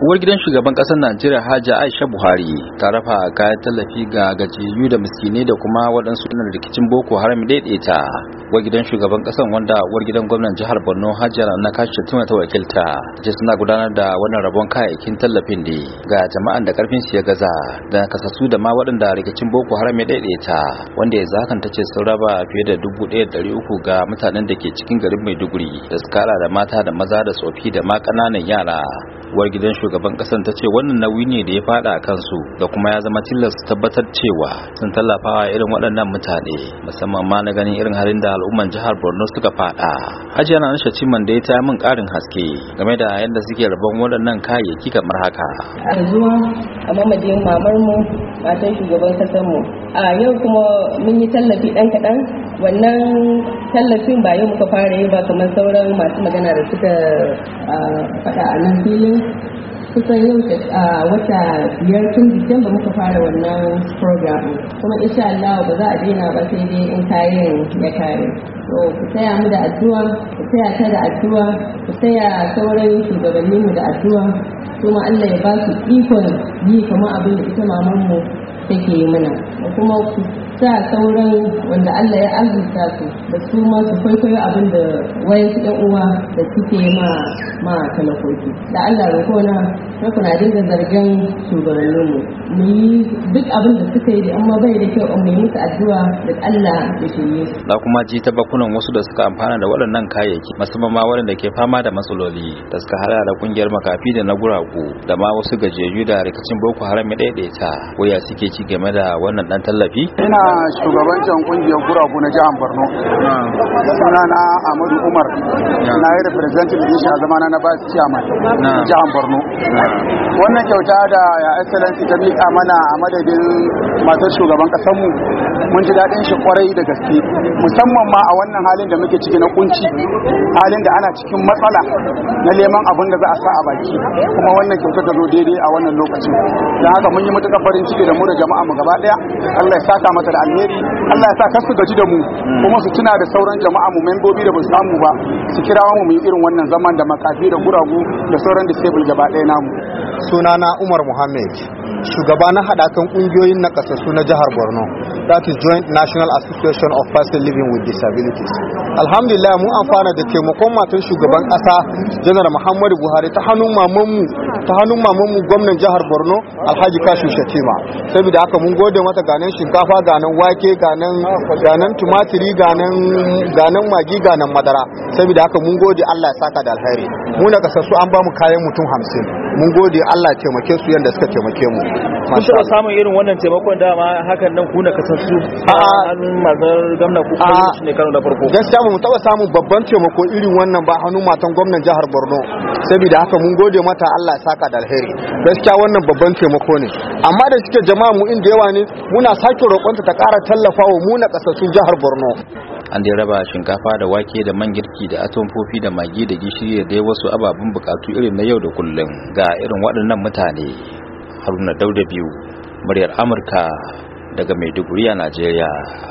uwar gidan shugaban kasar najeriya hajji aisha buhari ta rafa kayan tallafi ga gajiyayyu da miskinai da kuma waɗansu ɗanar rikicin boko haram daidaita uwar gidan shugaban kasar wanda uwar gidan gwamnan jihar borno hajji na kashi tuma ta wakilta ce suna gudanar da wannan rabon kayayyakin tallafin ne ga jama'an da karfin su ya gaza da kasasu da ma wadanda rikicin boko haram ya daidaita wanda ya zakan tace ce sun raba fiye da dubu ɗaya da ɗari uku ga mutanen da ke cikin garin maiduguri da su kara da mata da maza da tsofi da ma kananan yara uwar gidan shugaban kasan ta ce wannan nauyi ne da ya fada a kansu da kuma ya zama tilas tabbatar cewa sun tallafawa irin waɗannan mutane musamman ma na ganin irin halin da al'umman jihar borno suka fada hajiya na nisha ciman da ya ta min karin haske game da yadda suke rabon waɗannan kayayyaki kamar haka a zuwa a mamajin mamar mu matan shugaban kasan mu a yau kuma mun yi tallafi ɗan kaɗan wannan tallafin ba yau muka fara yi ba kamar sauran masu magana da suka faɗa a nan filin kusan yau a wata biyar tun ba muka fara wannan program kuma insha Allah ba za a daina ba sai dai in kayan ya kare to ku taya mu da addu'a ku saya ta da addu'a ku saya sauran shugabannin mu da addu'a kuma Allah ya ba su ikon yi kamar abin da ita mamanmu mu take yi mana da kuma sa sauran wanda Allah ya arzuta su da su ma su kwaikwayo abin da wayan su ɗan uwa da suke ma ma talakoki da Allah rokona na kuna dinga zargin shugabanninmu mu yi duk abin da suka yi da amma bai da kyau mu yi addu'a da Allah ya shirye su da kuma ji ta bakunan wasu da suka amfana da waɗannan kayayyaki musamman ma waɗanda ke fama da matsaloli da suka hada da kungiyar makafi da na guragu da ma wasu gajeju da rikicin boko haram ya daidaita ko suke ci game da wannan dan tallafi ina shugabancin kungiyar guragu na jihar Borno sunana Amadu Umar na yi representing din shi a zamana na vice chairman jihar Borno wannan kyauta da ya excellency ta miƙa mana a madadin matar shugaban kasar mu mun ji daɗin shi kwarai da gaske musamman ma a wannan halin da muke ciki na kunci halin da ana cikin matsala na neman abin da za a sa a baki kuma wannan kyautar ta zo daidai a wannan lokacin don haka mun yi matuƙar farin ciki da mu da jama'a mu gaba ɗaya Allah ya saka mata da alheri Allah ya sa kar su gaji da mu kuma su tuna da sauran jama'a mu membobi da ba su samu ba su kira mu mu yi irin wannan zaman da makafi da guragu da sauran disable gaba ɗaya namu sunana Umar Muhammad shugaba na haɗakan ƙungiyoyin na na jihar Borno is Joint National Association of Persons Living with Disabilities. Alhamdulillah mu amfana da taimakon matan shugaban ƙasa Janar Muhammadu Buhari ta hannun mamanmu ta hannun mamanmu gwamnan jihar Borno Alhaji Kashu Shatima. Saboda haka mun gode mata ganan shinkafa, ganan wake, ganan ganan tumatiri, ganan ganan magi, ganan madara. Saboda haka mun gode Allah ya saka da alheri. Mu na kasassu an ba mu kayan mutum hamsin. mun gode Allah taimake su yadda suka taimake mu kun taɓa samun irin wannan taimakon dama hakan nan kuna kasassu a hannun mazar gwamna ku kuma shi ne kano da farko gaskiya mu taɓa samun babban taimako irin wannan ba hannun matan gwamnan jihar Borno saboda haka mun gode mata Allah ya saka da alheri gaskiya wannan babban taimako ne amma da suke jama'a mu inda yawa ne muna sake roƙonta ta ƙara tallafa wa mu na kasassun jihar Borno an dai raba shinkafa da wake da man girki da atomfofi da magi da gishiri da dai wasu ababen bukatu irin na yau da kullum ga irin waɗannan mutane haruna dauda biyu muryar amurka daga maiduguri a najeriya